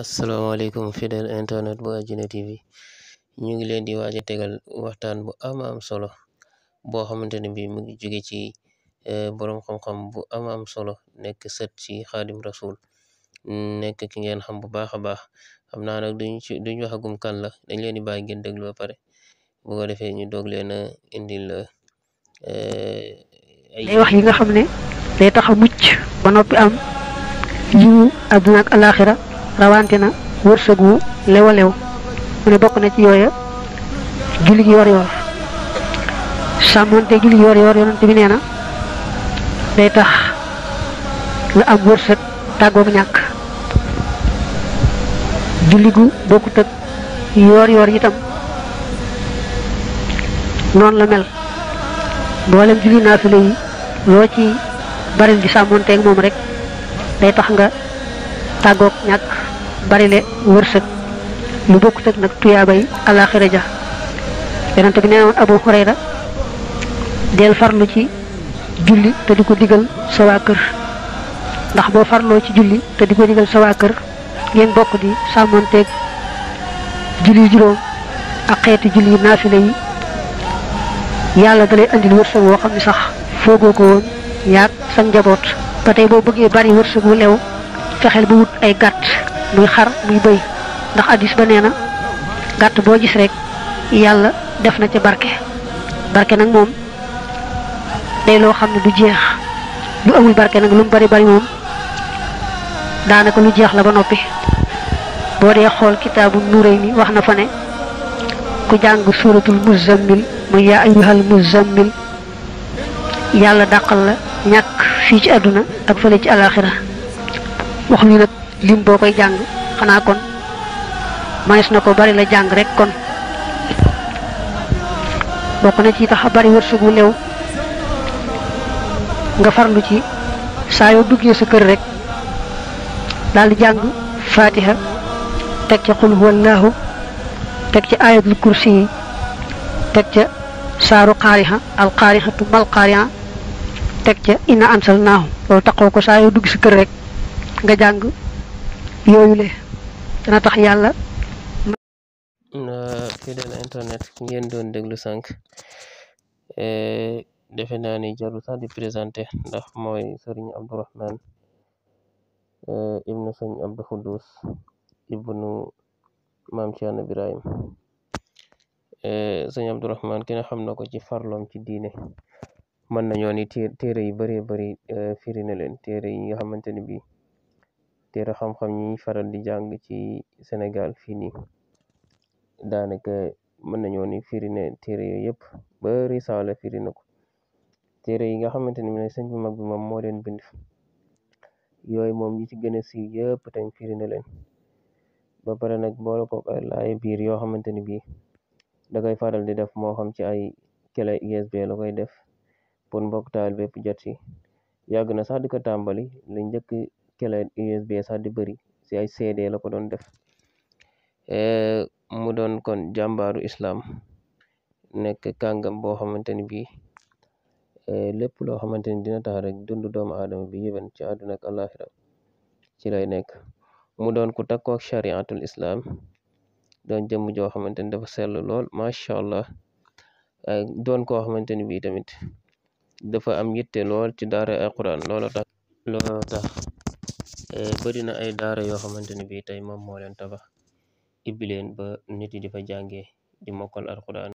asalaamaaleykum fidèle internet bu Adiana TV ñu ngi leen di waaj a tegal waxtaan bu ama am solo boo xamante ne bii mu ngi jóge ci eh, borom xam-xam bu am am solo nekk sët ci xaadim rasul nekk ki ngeen xam bu baax a baax am naa nag duñ ci duñ waxagum kan la dañ leen di bàyyi ngeen déglu ba pare bu ko defee ñu dog leen indil eh, ay wax yi nga xam ne day tax a mucc ba am yiwu àdduna ak rawante na wërsëg lewa lew a lew mu ne bokk na ci yooya julli gi yor yor samonté julli gi yor yor yonante bi nee na day tax la am wërsëg ak ñàkk gu bokkut yor yor itam non la mel mboolem julli fi lay lo ci di samonte mom rek day tax nga tagok ñak bari le wërsëg lu bokkut ak nag tuyaabay alaxira ja yenen bi neewon abu hurayra del farlu ci julli te diko digal sa wa kër ndax bo farlo ci julli te diko digal sa wa kër ngeen bokk di sàmmonteeg julli juro ak xéti julli yu naafile yi yàlla da andil sax fogo ko won yaak sa njabot patay bo bari wu lew fexel bu wut ay gatt muy xar muy bëy ndax addis ba nee na gàtt boo gis rek yàlla def na ca barke barke nag moom day loo xam ne du jeex lu amul barke nag lu mu bari bari moom daanaka lu jeex la ba noppi boo dee xool kitaabu Nuurayni wax na fa ne ku jàng suuratul Muzzammil muy yaa ayyuhal Muzzammil yàlla dàqal la ñàkk fii ci àdduna ak fële ci àllaaxira wax ñu nag lim bokoy janggu jang xana kon manes nako bari la jang rek kon bokku na ci tax bari sugu lew nga farlu ci sa yo duggé sa kër rek dal jang fatiha tek ci qul huwallahu tek ci ayatul kursi tek ci saru qariha al tu mal qariha tek ci inna ansalnahu lo takko ko sa yo dugg sa kër rek nga jang yooyu le dana tax yàlla fidèle internet ngeen doon déglu sànq e, defe naa ni jarul sax di présenté ndax mooy sëriñ abdourahman e, ibnu sëriñ abdou xuddus ibnu maam Cerno Birahim e, sëriñ abdourahman kenn xam na ko ci farloom ci diine mën nañoo ni téere yu bëree bëri firi na leen téere yi nga xamante ni bii téere xam-xam yi ñuy faral di jàng ci Sénégal fii nii daanaka mën nañoo ni firi na téere yooyu yëpp ba risaala firi na ko téere yi nga xamante ni mooy sëñ bu mag bi moom moo leen bind yooyu moom ñi ci gën a siiw yëpp tamit firi leen ba pare nag boole ko ay biir yoo xamante ni bii da faral di def moo xam ci ay kele USB la koy def pour mbokk taal bépp jot si yàgg na sax di ko clé USB sax di bëri si ay CD la ko doon def eh, mu doon kon jàmbaaru islam nekk kàngam boo xamante ni bii eh, lépp loo xamante ni dina tax rek dund doomu aadama bi yëben ci àdduna ak àlaxira ci lay nekk mu doon ku takkoo ak chariatul islam doon jëmm joo xamante ni dafa sell lool macha allah eh, doon koo xamante ni bii tamit dafa am yitte lool ci daara alquran looloo tax looloo tax Eh, bari na ay daara yoo xamante ne bii tey moom moo leen tabax ibbi leen ba nit yi di fa jàngee di mokkal alxuraan.